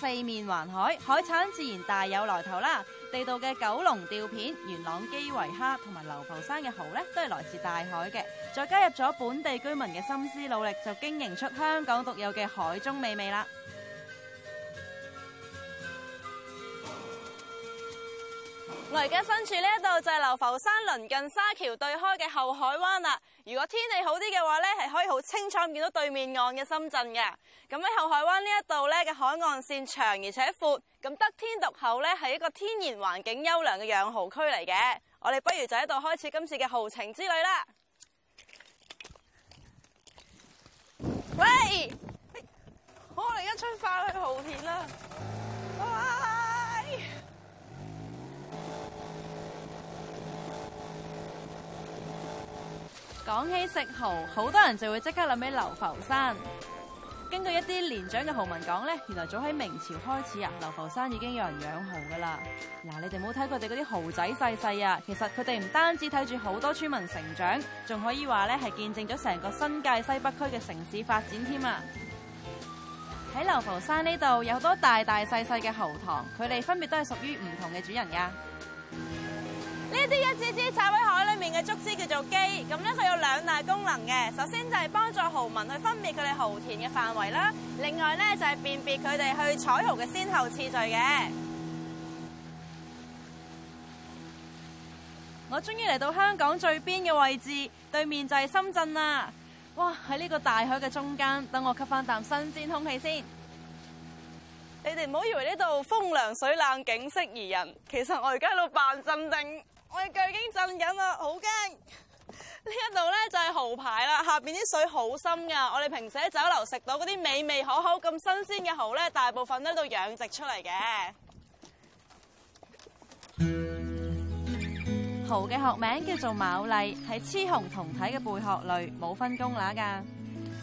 四面環海，海產自然大有來頭啦！地道嘅九龍吊片、元朗基圍蝦同埋流浮山嘅蠔咧，都係來自大海嘅。再加入咗本地居民嘅心思努力，就經營出香港獨有嘅海中美味啦！我而家身處呢一度就係流浮山鄰近沙橋對開嘅後海灣啦。如果天氣好啲嘅話呢係可以好清楚見到對面岸嘅深圳嘅。咁喺後海灣呢一度呢嘅海岸線長而且闊，咁得天獨厚呢係一個天然環境優良嘅養蚝區嚟嘅。我哋不如就喺度開始今次嘅蠔情之旅啦。喂，我哋而家出發去蠔田啦。講起食蠔，好多人就會即刻諗起流浮山。根據一啲年長嘅蠔民講咧，原來早喺明朝開始啊，流浮山已經有人養蠔噶啦。嗱，你哋冇睇佢哋嗰啲蠔仔細細啊，其實佢哋唔單止睇住好多村民成長，仲可以話咧係見證咗成個新界西北區嘅城市發展添啊。喺流浮山呢度有好多大大細細嘅蠔塘，佢哋分別都係屬於唔同嘅主人呀。呢啲一支支插喺海裏面嘅竹枝叫做基，咁咧佢有兩大功能嘅。首先就係幫助蚝民去分別佢哋蚝田嘅範圍啦，另外咧就係辨別佢哋去採蠔嘅先後次序嘅。我終於嚟到香港最邊嘅位置，對面就係深圳啦！哇，喺呢個大海嘅中間，等我吸翻啖新鮮空氣先。你哋唔好以為呢度風涼水冷景色宜人，其實我而家喺度扮鎮定。我哋腳已經震緊啦，好驚！呢一度咧就係蚝排啦，下邊啲水好深噶。我哋平時喺酒樓食到嗰啲美味可口咁新鮮嘅蚝咧，大部分都喺度養殖出嚟嘅。蚝嘅學名叫做牡蠣，係雌雄同體嘅貝殼類，冇分公乸噶。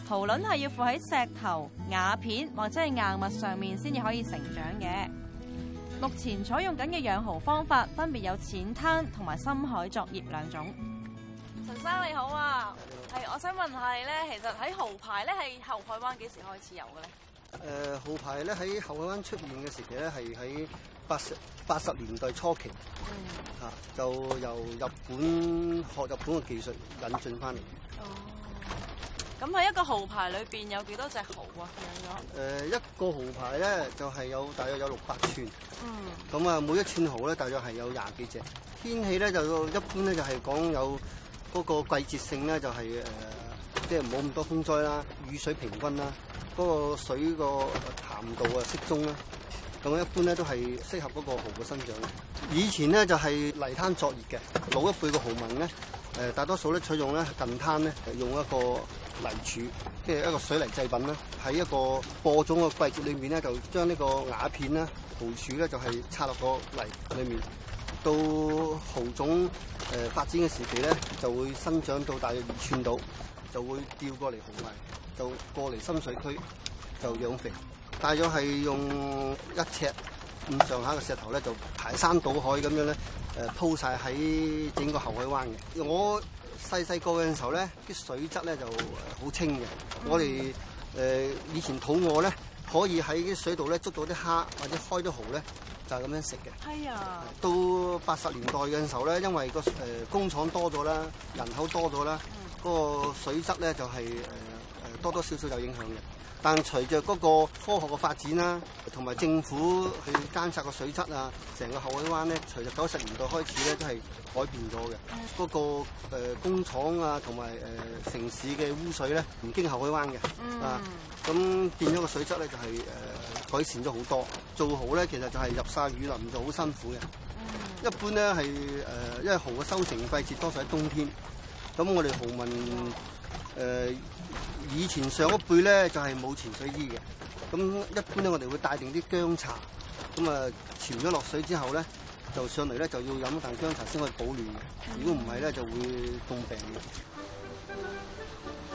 蚝卵係要附喺石頭、瓦片或者係硬物上面先至可以成長嘅。目前採用緊嘅養蠔方法，分別有淺灘同埋深海作業兩種。陳生你好啊，係好，我想問下，咧，其實喺蠔排咧係後海灣幾時開始有嘅咧？誒、呃，蠔排咧喺後海灣出現嘅時期咧，係喺八十八十年代初期嚇的、啊，就由日本學，學日本嘅技術引進翻嚟。哦咁喺一個蠔排裏邊有幾多隻蠔啊？養咗誒、呃，一個蠔排咧就係、是、有大約有六百寸。嗯。咁啊，每一寸蠔咧，大約係有廿幾隻。天氣咧就一般咧就係、是、講有嗰個季節性咧就係、是、誒，即係冇咁多風災啦，雨水平均啦，嗰、那個水個鹹度啊適中啦。咁一般咧都係適合嗰個蠔嘅生長。以前咧就係、是、泥灘作業嘅，老一輩嘅蠔民咧。誒大多數咧採用咧近灘咧，用一個泥柱，即係一個水泥製品啦。喺一個播種嘅季節裏面咧，就將呢個瓦片啦、蠔柱咧，就係插落個泥裏面。到蠔種誒發展嘅時期咧，就會生長到大約二寸度，就會掉過嚟蠔泥，就過嚟深水區，就養肥。大約係用一尺。咁上下嘅石頭咧，就排山倒海咁樣咧，誒鋪晒喺整個後海灣嘅。我細細個嘅時候咧，啲水質咧就好清嘅。我哋誒以前肚餓咧，可以喺啲水度咧捉到啲蝦或者開啲蠔咧，就係咁樣食嘅。係啊。到八十年代嘅時候咧，因為個誒工廠多咗啦，人口多咗啦，嗰個水質咧就係誒誒多多少少有影響嘅。但隨着嗰個科學嘅發展啦，同埋政府去監察個水質啊，成個後海灣咧，隨着九十年代開始咧，都係改變咗嘅。嗰、嗯那個、呃、工廠啊，同埋誒城市嘅污水咧，唔經後海灣嘅。嗯、啊，咁變咗個水質咧、就是，就係誒改善咗好多。做蠔咧，其實就係入晒雨淋就好辛苦嘅。嗯、一般咧係誒，因為蠔嘅收成季節多數喺冬天。咁我哋蠔民。誒、呃、以前上一輩咧就係、是、冇潛水衣嘅，咁一般咧我哋會帶定啲薑茶，咁啊潛咗落水之後咧，就上嚟咧就要飲一啖薑茶先可以保暖，如果唔係咧就會凍病嘅。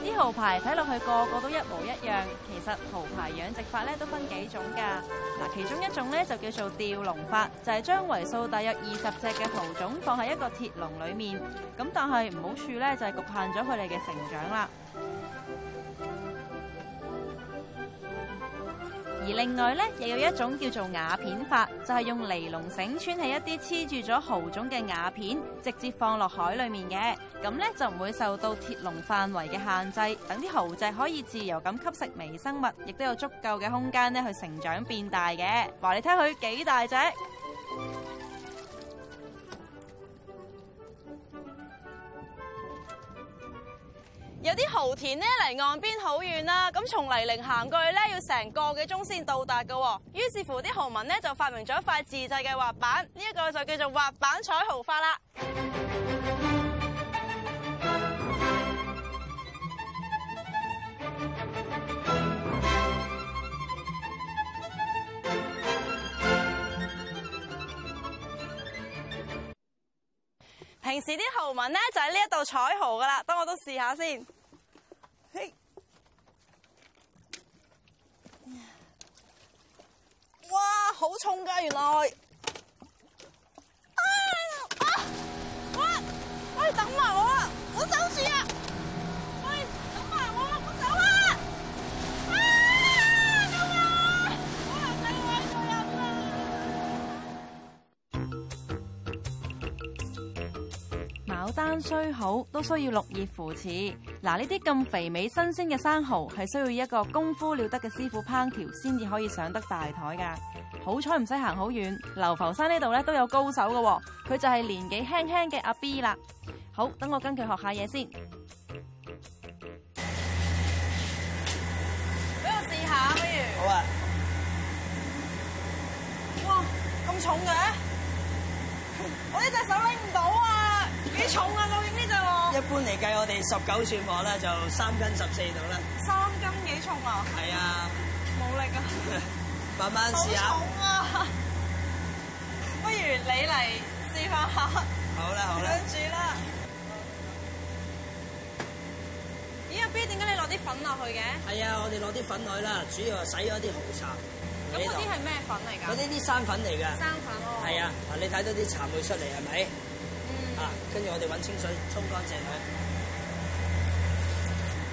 啲蠔排睇落去個個都一模一樣，其實蠔排養殖法咧都分幾種噶。嗱，其中一種咧就叫做吊籠法，就係將為數大約二十隻嘅蠔種放喺一個鐵籠裏面，咁但係唔好處咧就係局限咗佢哋嘅成長啦。而另外咧，又有一種叫做瓦片法，就係、是、用尼龍繩穿起一啲黐住咗蠔種嘅瓦片，直接放落海裡面嘅。咁咧就唔會受到鐵籠範圍嘅限制，等啲蠔仔可以自由咁吸食微生物，亦都有足夠嘅空間咧去成長變大嘅。話你睇佢幾大隻。有啲蠔田咧離岸邊好遠啦，咁從泥濘行過去咧要成個幾鐘先到達噶，於是乎啲蠔民咧就發明咗一塊自製嘅滑板，呢、這、一個就叫做滑板採蠔法啦。平時啲蠔文咧就喺呢一度採蠔噶啦，等，等我都試下先。嘿，哇，好重噶，原來啊啊，哇，我哋等埋我。山雖好，都需要綠葉扶持。嗱，呢啲咁肥美新鮮嘅生蠔，係需要一個功夫了得嘅師傅烹調，先至可以上得大台噶。好彩唔使行好遠，流浮山呢度咧都有高手噶。佢就係年紀輕輕嘅阿 B 啦。好，等我跟佢學下嘢先。畀我試下不如。好啊。哇，咁重嘅，啊，我呢隻手拎唔到啊！幾重啊！究竟呢隻喎。一般嚟計，我哋十九寸火咧就三斤十四度啦。三斤幾重啊？係啊，冇力啊。 慢慢試下。好重啊！ 不如你嚟試下下。好啦好啦。攬住啦。咦？阿 B 點解你落啲粉落去嘅？係啊，我哋落啲粉落去啦，主要係洗咗啲紅茶。咁嗰啲係咩粉嚟㗎？嗰啲啲生粉嚟㗎。生粉咯。係啊，嗱你睇到啲茶會出嚟係咪？是跟住我哋揾清水沖乾淨佢，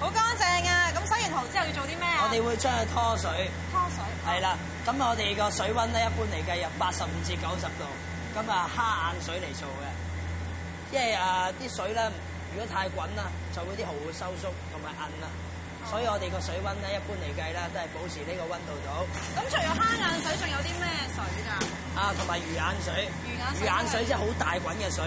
好乾淨啊！咁洗完蠔之後要做啲咩啊？我哋會將佢拖水，拖水？係啦。咁我哋個水温咧一般嚟計入八十五至九十度。咁啊、嗯，蝦眼水嚟做嘅，因為啊啲、呃、水咧，如果太滾啦，就會啲蠔會收縮同埋硬啦。嗯、所以我哋個水温咧一般嚟計咧都係保持呢個温度度。咁、嗯、除咗蝦眼水，仲有啲咩水㗎？啊，同埋魚眼水，魚眼水即係好大滾嘅水。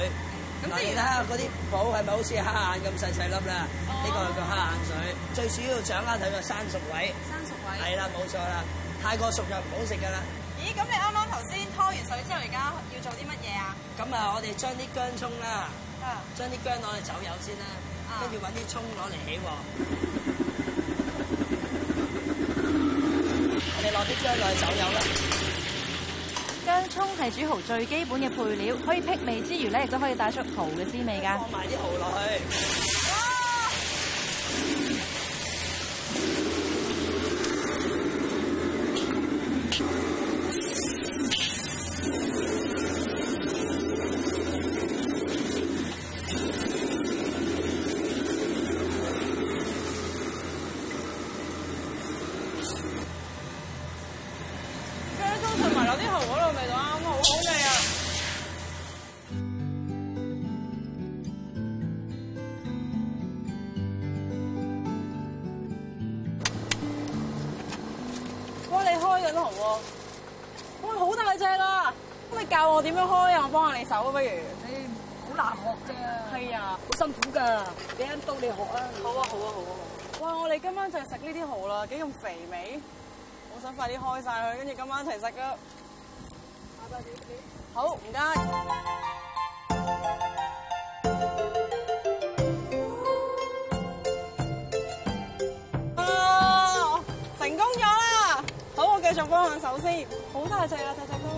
嗱，你睇下嗰啲寶係咪好似蝦眼咁細細粒咧？呢個係個蝦眼水，最主要掌握喺個生熟位。生熟位。係啦，冇錯啦，太過熟就唔好食㗎啦。咦，咁你啱啱頭先拖完水之後，而家要做啲乜嘢啊？咁啊，我哋將啲薑葱啦，將啲薑攞去走油先啦，跟住揾啲葱攞嚟起鑊。我哋落啲薑落去走油啦。薑蔥係煮蠔最基本嘅配料，可以辟味之餘咧，亦都可以帶出蠔嘅滋味噶。放埋啲蠔落去。我點樣開幫啊？我幫下你手不如。你好難學啫。係啊，好辛苦噶。你肯到你學啊？好啊，好啊，好啊。哇，我哋今晚就食呢啲蚝啦，幾咁肥美。我想快啲開曬佢，跟住今晚一齊食咯。拜拜好，唔該。啊，成功咗啦！好，我繼續幫下手先。好大隻啊，只只都。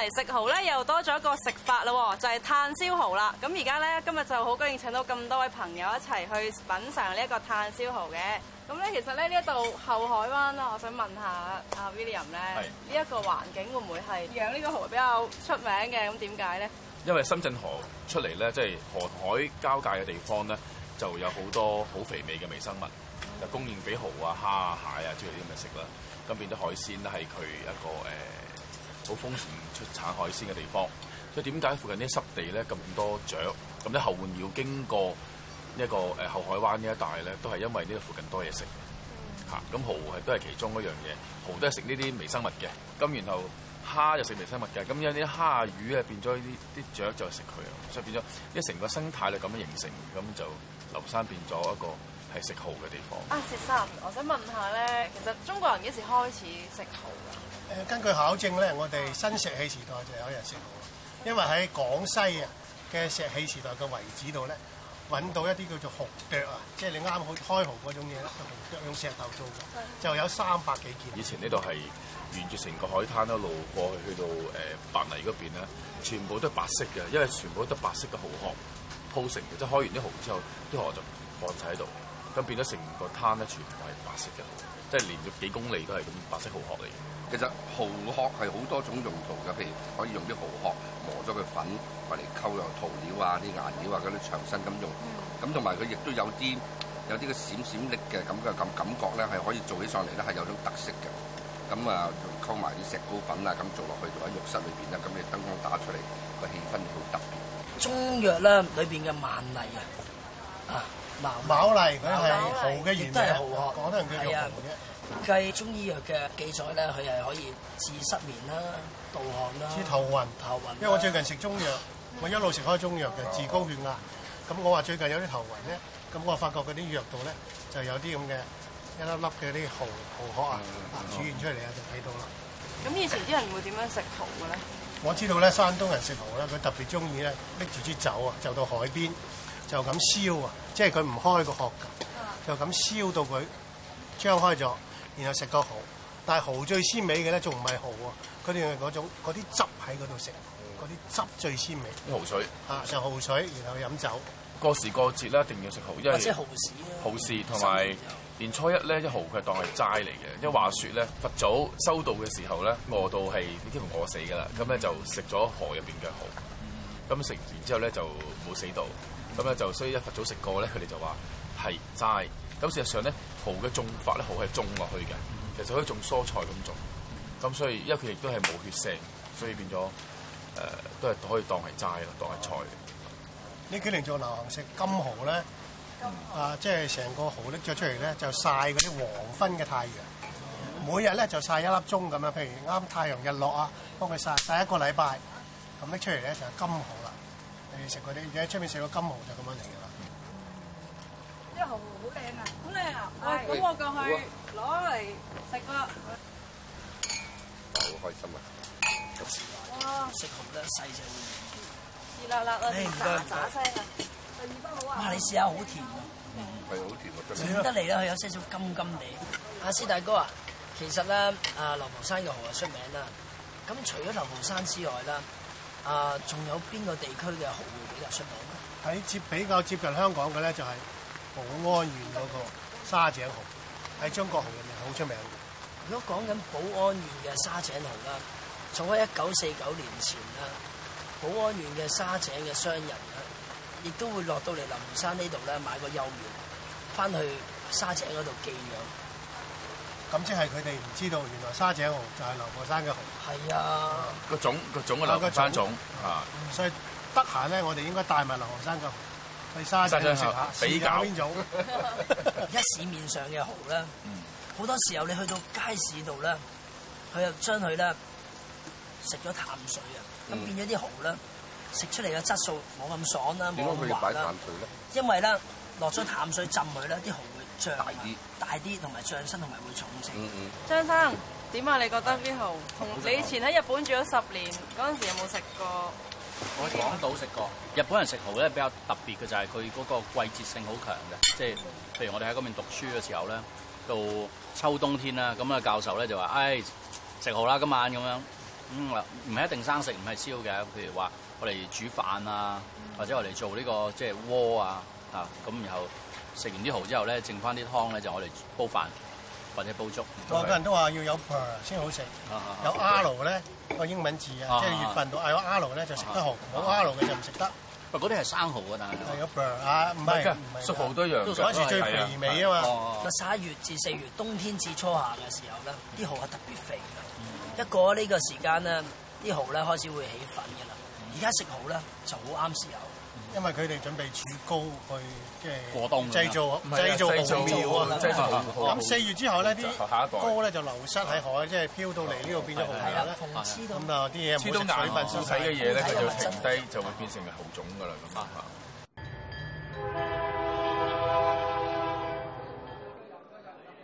嚟食蠔咧又多咗一個食法啦，就係炭燒蠔啦。咁而家咧今日就好高興請到咁多位朋友一齊去品嚐呢一個炭燒蠔嘅。咁咧其實咧呢一度後海灣啦，我想問下阿 William 咧，呢一個環境會唔會係養呢個蠔比較出名嘅？咁點解咧？因為深圳河出嚟咧，即係河海交界嘅地方咧，就有好多好肥美嘅微生物，就供應俾蠔啊、蝦啊、蟹啊之類啲咁嘅食啦。咁變咗海鮮咧係佢一個誒。好豐盛出產海鮮嘅地方，所以點解附近啲濕地咧咁多雀，咁啲候鳥要經過呢一個誒後海灣呢一帶咧，都係因為呢附近多嘢食嚇。咁、嗯、蠔係都係其中一樣嘢，蠔都係食呢啲微生物嘅。咁然後蝦就食微生物嘅，咁有啲蝦魚咧變咗啲啲雀就食佢啊，所以變咗一成個生態律咁樣形成，咁就流山變咗一個係食蠔嘅地方。啊，薛生，我想問下咧，其實中國人幾時開始食蠔㗎？根據考證咧，我哋新石器時代就有人食蠔，因為喺廣西啊嘅石器時代嘅遺址度咧，揾到一啲叫做蠔剁啊，即係你啱好開蠔嗰種嘢，用石頭做嘅，就有三百幾件。以前呢度係沿住成個海灘一路過去，去到白泥嗰邊咧，全部都白色嘅，因為全部都白色嘅蠔殼鋪成嘅，即係開完啲蠔之後，啲蠔就放晒喺度。咁變咗成個攤咧，全部係白色嘅，即係連續幾公里都係咁白色的蠔殼嚟嘅。其實蠔殼係好多種用途嘅，譬如可以用啲蠔殼磨咗佢粉，嚟溝油、塗料啊、啲顏料啊嗰啲牆身咁用。咁同埋佢亦都有啲有啲個閃閃力嘅，咁嘅咁感覺咧係可以做起上嚟咧係有種特色嘅。咁、嗯、啊，溝埋啲石膏粉啊，咁做落去做喺浴室裏邊咧，咁你燈光打出嚟個氣氛好特別。中藥啦，裏邊嘅萬麗啊，啊！茅茅梨佢係蠔嘅，亦都係蠔殼，講得人叫肉嘅。計中醫藥嘅記載咧，佢係可以治失眠啦、盜汗啦。治頭暈頭暈。頭暈，因為我最近食中藥， 我一路食開中藥嘅治高血壓。咁我話最近有啲頭暈咧，咁我發覺嗰啲藥度咧就有啲咁嘅一粒粒嘅啲蠔蠔殼啊，煮完出嚟啊就睇到啦。咁、嗯、以前啲人會點樣食蠔嘅咧？我知道咧，山東人食蠔咧，佢特別中意咧拎住支酒啊，就到海邊。就咁燒啊！即係佢唔開個殼，就咁燒到佢張開咗，然後食個蠔。但係蠔最鮮美嘅呢，仲唔係蠔啊？佢哋用嗰種嗰啲汁喺嗰度食，嗰啲汁最鮮美。蠔水啊！就蠔水，然後飲酒。過時過節呢，一定要食蠔，因為即係蠔事。蠔市同埋年初一呢，一蠔佢係當係齋嚟嘅，因為話説呢，佛祖修道嘅時候呢，餓到係已經唔餓死㗎啦，咁呢，就食咗蠔入面嘅蠔。咁食完之後咧就冇死到，咁咧就所以一佛祖食過咧，佢哋就話係齋，咁事實上咧，蠔嘅種法咧，蠔係種落去嘅，其實可以種蔬菜咁種，咁所以因為佢亦都係冇血腥，所以變咗誒、呃、都係可以當係齋啊當係菜。呢幾年做流行食金蠔咧，金蠔啊即係成個蠔拎咗出嚟咧就曬啲黃昏嘅太陽，每日咧就曬一粒鐘咁樣，譬如啱太陽日落啊，幫佢曬曬一個禮拜，咁拎出嚟咧就係金蠔。你食嗰啲，而喺出面食過金蠔就咁樣嚟㗎啦。啲蠔好靚啊，好靚啊！咁我過去攞嚟食咯。好開心啊！哇，食蠔得細隻，酸辣辣嗰啲啊！哇，你試下好甜啊！嗯，係好甜得嚟啦，佢有些少金金地。阿師大哥啊，其實咧，啊流浮山嘅蠔出名啦，咁除咗流浮山之外啦。啊，仲有邊個地區嘅蠔會比較出名咧？喺接比較接近香港嘅咧，就係寶安縣嗰個沙井蠔。喺中國蠔入面好出名嘅。如果講緊寶安縣嘅沙井蠔啦，在一九四九年前啦，寶安縣嘅沙井嘅商人咧，亦都會落到嚟流浮山呢度咧買個幼苗，翻去沙井嗰度寄養。咁即係佢哋唔知道，原來沙井蠔就係流浮山嘅蠔，係啊，個、啊、種個種嘅流浮山種啊，種啊，所以得閒咧，我哋應該帶埋流浮山個去沙井食下沙比較邊種。一 市面上嘅蠔咧，好、嗯、多時候你去到街市度咧，佢又將佢咧食咗淡水啊，咁、嗯、變咗啲蠔咧，食出嚟嘅質素冇咁爽啦，佢冇咁滑咧，因為咧落咗淡水浸佢咧，啲蠔。醬大啲，大啲同埋醬身同埋會重啲。嗯嗯、張生點啊？你覺得邊號？同、啊、你以前喺日本住咗十年嗰陣、嗯、時有冇食過？我喺港島食過。日本人食蠔咧比較特別嘅就係佢嗰個季節性好強嘅，即、就、係、是、譬如我哋喺嗰邊讀書嘅時候咧，到秋冬天啦，咁啊教授咧就話：唉、哎，食蠔啦，今晚咁樣。咁、嗯、啊，唔係一定生食，唔係燒嘅。譬如話我哋煮飯啊，或者我哋做呢、這個即係鍋啊嚇咁，然後。食完啲蠔之後咧，剩翻啲湯咧就我哋煲飯或者煲粥。我人都話要有 B 先好食，有 R 咧個英文字啊，即係月份到有 R 咧就食得蠔，冇 R 嘅就唔食得。喂，嗰啲係生蠔啊？係有 B 啊，唔係，食蠔都一樣。嗰陣時最肥美啊嘛。嗱，十一月至四月，冬天至初夏嘅時候咧，啲蠔係特別肥㗎。一過呢個時間咧，啲蠔咧開始會起粉㗎啦。而家食蠔咧就好啱時候。因為佢哋準備儲膏去嘅過冬，製造製造蠔苗啊！咁四月之後呢，啲下一代膏咧就流失喺海，即係漂到嚟呢度變咗紅芽啦、紅到。咁啊，啲嘢冇咗水分，洗嘅嘢咧佢就停低，就會變成喉腫噶啦咁啊！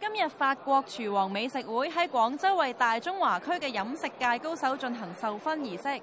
今日法國廚皇美食會喺廣州為大中華區嘅飲食界高手進行授勳儀式。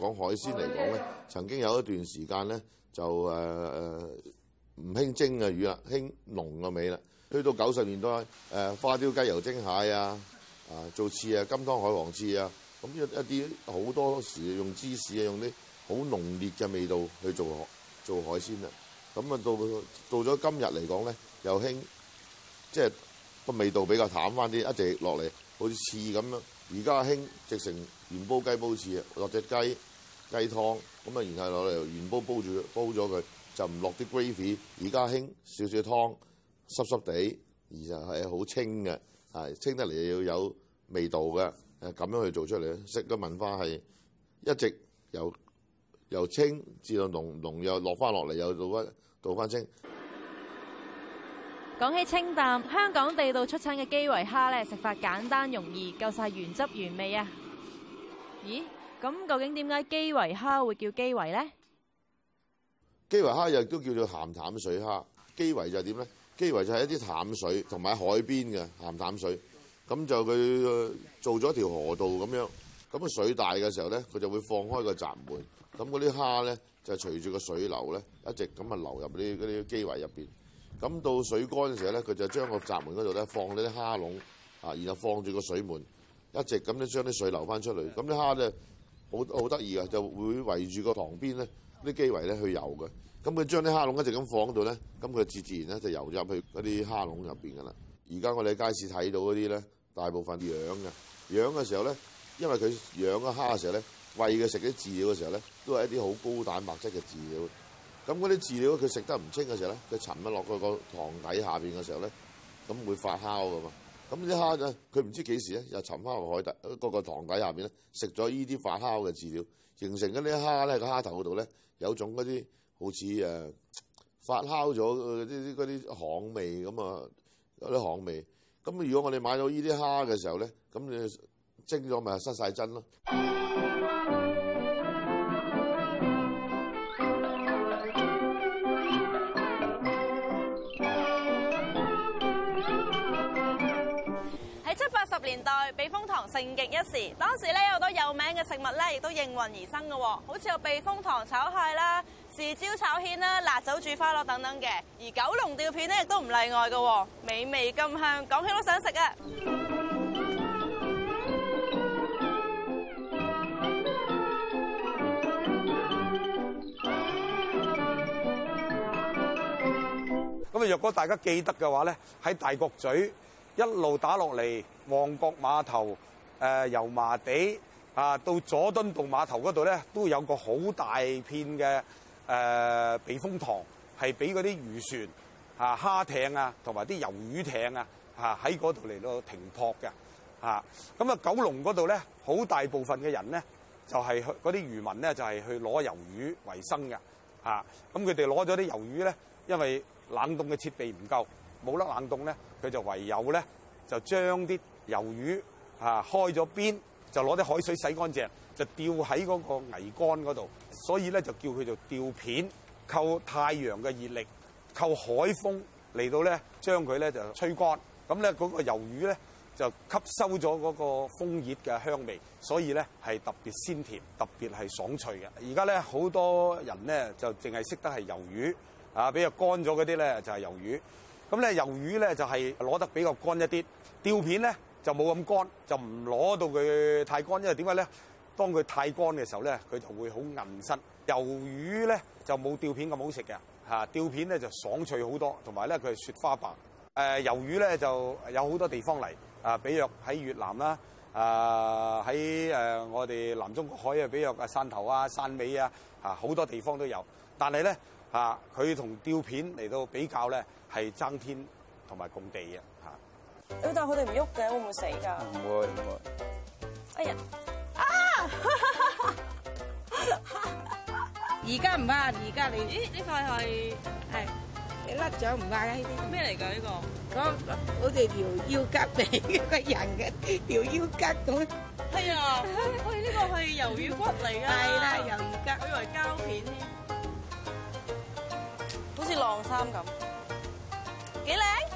講海鮮嚟講咧，曾經有一段時間咧就誒誒唔興蒸嘅魚啊，興濃嘅味啦。去到九十年代，誒、呃、花雕雞油蒸蟹啊，啊做翅啊，金湯海皇翅啊，咁一一啲好多時用芝士啊，用啲好濃烈嘅味道去做做海鮮啊。咁啊到到咗今日嚟講咧，又興即係個味道比較淡翻啲，一直落嚟好似翅咁樣。而家興直成鹽煲雞煲翅啊，落隻雞。雞湯咁啊，然後攞嚟原煲煲住煲咗佢，就唔落啲 gravy。而家興少少湯濕濕地，而就係好清嘅，係清得嚟又有味道嘅，誒咁樣去做出嚟咧。食嘅文化係一直由由清，至到濃濃又落翻落嚟又倒翻倒翻清。講起清淡，香港地道出產嘅基圍蝦咧，食法簡單容易，夠晒原汁原味啊！咦？咁究竟點解基圍蝦會叫基圍咧？基圍蝦又都叫做鹹淡水蝦。基圍就係點咧？基圍就係一啲淡水同埋海邊嘅鹹淡水。咁就佢做咗條河道咁樣。咁啊水大嘅時候咧，佢就會放開個閘門。咁嗰啲蝦咧就隨住個水流咧，一直咁啊流入呢嗰啲基圍入邊。咁到水乾嘅時候咧，佢就將個閘門嗰度咧放啲蝦籠啊，然後放住個水，水門，一直咁咧將啲水流翻出嚟。咁啲蝦咧～好好得意啊，就會圍住個塘邊咧，啲基圍咧去游嘅。咁佢將啲蝦籠一直咁放喺度咧，咁佢自自然咧就游咗入去嗰啲蝦籠入邊噶啦。而家我哋喺街市睇到嗰啲咧，大部分養嘅養嘅時候咧，因為佢養嘅蝦嘅時候咧，餵佢食啲飼料嘅時候咧，都係一啲好高蛋白質嘅飼料。咁嗰啲飼料佢食得唔清嘅時候咧，佢沉咗落嗰個塘底下邊嘅時候咧，咁會發酵嘅嘛。咁啲蝦就佢唔知幾時咧，又沉翻個海底嗰個塘底下面咧，食咗呢啲發酵嘅飼料，形成咗啲蝦咧個蝦頭度咧有種嗰啲好似誒發酵咗嗰啲啲啲巷味咁啊，有啲巷味。咁如果我哋買到呢啲蝦嘅時候咧，咁你蒸咗咪失晒真咯。十年代，避風塘盛極一時。當時咧，好多有名嘅食物咧，亦都應運而生噶，好似有避風塘炒蟹啦、豉椒炒蜆啦、辣酒煮花螺等等嘅。而九龍吊片咧，亦都唔例外噶，美味甘香，講起都想食啊！咁啊，若果大家記得嘅話咧，喺大角咀一路打落嚟。旺角碼頭、誒油麻地啊，到佐敦道碼頭嗰度咧，都有個好大片嘅誒、呃、避風塘，係俾嗰啲漁船啊、蝦艇啊，同埋啲魷魚艇啊，嚇喺嗰度嚟到停泊嘅嚇。咁啊，九龍嗰度咧，好大部分嘅人咧，就係、是、去嗰啲漁民咧，就係、是、去攞魷魚為生嘅嚇。咁佢哋攞咗啲魷魚咧，因為冷凍嘅設備唔夠，冇得冷凍咧，佢就唯有咧就將啲魷魚啊，開咗邊就攞啲海水洗乾淨，就吊喺嗰個桅杆嗰度，所以咧就叫佢做吊片，靠太陽嘅熱力，靠海風嚟到咧將佢咧就吹乾，咁咧嗰個魷魚咧就吸收咗嗰個風熱嘅香味，所以咧係特別鮮甜，特別係爽脆嘅。而家咧好多人咧就淨係識得係魷魚啊，比較乾咗嗰啲咧就係魷魚，咁咧魷魚咧就係攞得比較乾一啲，吊片咧。就冇咁乾，就唔攞到佢太乾，因為點解咧？當佢太乾嘅時候咧，佢就會好韌身。魷魚咧就冇吊片咁好食嘅，嚇吊片咧就爽脆好多，同埋咧佢係雪花白。誒、呃、魷魚咧就有好多地方嚟，啊，比如喺越南啦，啊喺、呃、我哋南中國海啊，比如話汕頭啊、汕尾啊，啊好多地方都有。但係咧佢同吊片嚟到比較咧係爭天同埋共地嘅嚇。但係佢哋唔喐嘅，會唔會死噶？唔會唔會。哎呀！啊！而家唔怕，而家你，咦？呢塊係係你甩掌唔怕嘅呢啲。咩嚟噶呢個？咁我哋好似條腰骨嚟嘅，骨人嘅條腰骨咁。哎呀！喂，呢個係魷魚骨嚟噶。係啦，魷魚骨我以為膠片添，好似晾衫咁，幾靚？